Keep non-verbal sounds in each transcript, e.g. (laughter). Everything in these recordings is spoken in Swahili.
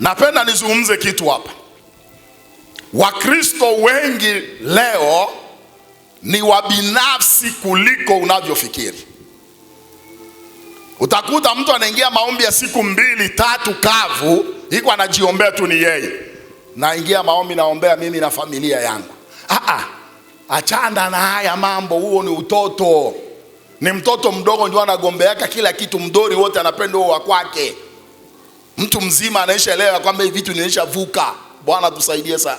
Napenda nizungumze kitu hapa. Wakristo wengi leo ni wabinafsi kuliko unavyofikiri. Utakuta mtu anaingia maombi ya siku mbili tatu kavu, iko anajiombea tu ni yeye, naingia maombi naombea mimi na familia yangu. Aa, achana na haya mambo, huo ni utoto. Ni mtoto mdogo ndio anagombeaka kila kitu, mdori wote anapenda huo wa kwake. Mtu mzima anaishaelewa kwamba hivi vitu nimeshavuka. Bwana tusaidie sana.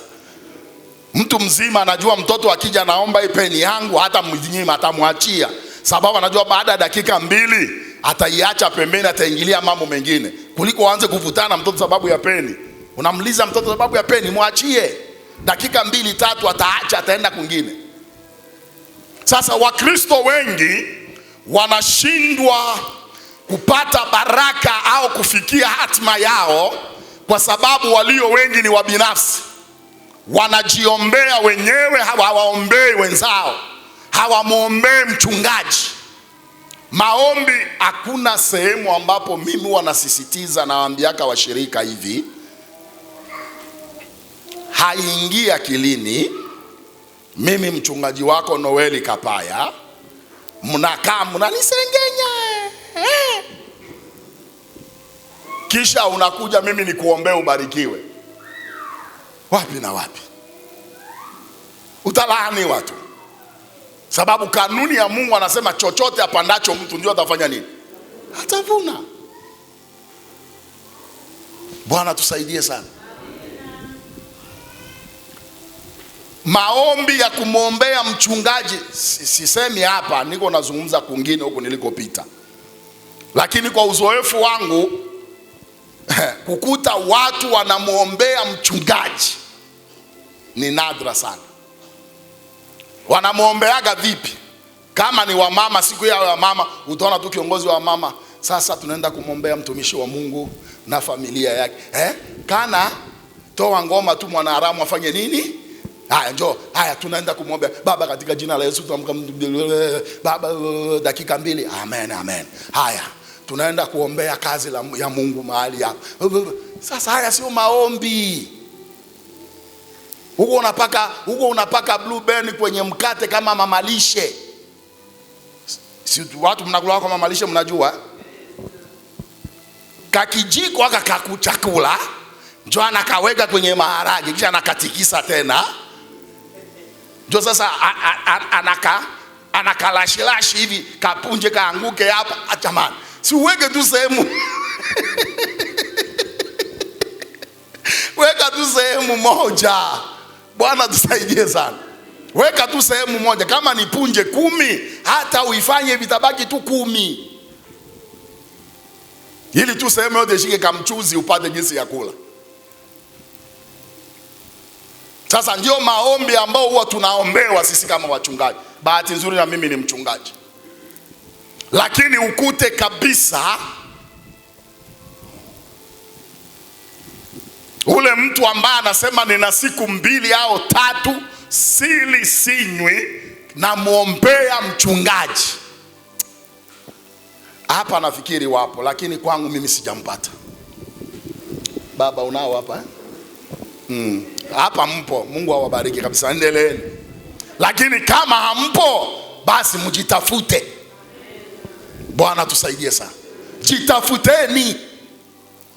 Mtu mzima anajua mtoto akija naomba ipeni yangu, hata mnyima atamwachia, sababu anajua baada ya dakika mbili ataiacha pembeni, ataingilia mambo mengine kuliko aanze kuvutana mtoto sababu ya peni. Unamliza mtoto sababu ya peni, mwachie dakika mbili tatu, ataacha ataenda kwingine. Sasa Wakristo wengi wanashindwa kupata baraka au kufikia hatima yao, kwa sababu walio wengi ni wabinafsi, wanajiombea wenyewe, hawaombei wenzao, hawamwombei mchungaji. Maombi hakuna sehemu ambapo mimi wanasisitiza na washirika hivi, haingia akilini. Mimi mchungaji wako Noeli Kapaya, mnakaa mnanisengenya kisha unakuja mimi nikuombee ubarikiwe. Wapi na wapi? Utalaani watu, sababu kanuni ya Mungu anasema chochote apandacho mtu ndio atafanya nini? Atavuna. Bwana tusaidie sana. Maombi ya kumwombea mchungaji, sisemi hapa, niko nazungumza kwingine huku nilikopita. Lakini kwa uzoefu wangu (laughs) kukuta watu wanamwombea mchungaji ni nadra sana. Wanamwombeaga vipi? Kama ni wamama, siku yao ya mama, utaona tu kiongozi wa mama, sasa tunaenda kumwombea mtumishi wa Mungu na familia yake eh? Kana toa ngoma tu mwanaharamu afanye nini? Haya, njoo. Haya, tunaenda kumwombea baba katika jina la Yesu, tuamka baba, dakika mbili. Amen, amen. Haya tunaenda kuombea kazi la, ya Mungu mahali hapa. Sasa haya sio maombi. Huko unapaka, huko unapaka blueberry kwenye mkate kama mamalishe. Si watu mnakula kwa mamalishe, mnajua kakijiko aka kakuchakula njo anakaweka kwenye maharage kisha anakatikisa tena njo sasa anaka anakalashilashi hivi kapunje kaanguke hapa. Ah, jamani, si uweke tu sehemu weka tu sehemu moja. Bwana tusaidie sana, weka tu sehemu moja, kama ni punje kumi, hata uifanye vitabaki tu kumi, ili tu sehemu yote ishike kamchuzi, upate jinsi ya kula. Sasa ndio maombi ambao huwa tunaombewa sisi kama wachungaji. Bahati nzuri na mimi ni mchungaji lakini ukute kabisa ule mtu ambaye anasema nina siku mbili au tatu sili sinywi, namwombea mchungaji hapa. Nafikiri wapo, lakini kwangu mimi sijampata. Baba unao hapa eh? Mm. Hapa mpo, Mungu awabariki kabisa, endeleeni, lakini kama hampo basi mjitafute. Bwana tusaidie sana, jitafuteni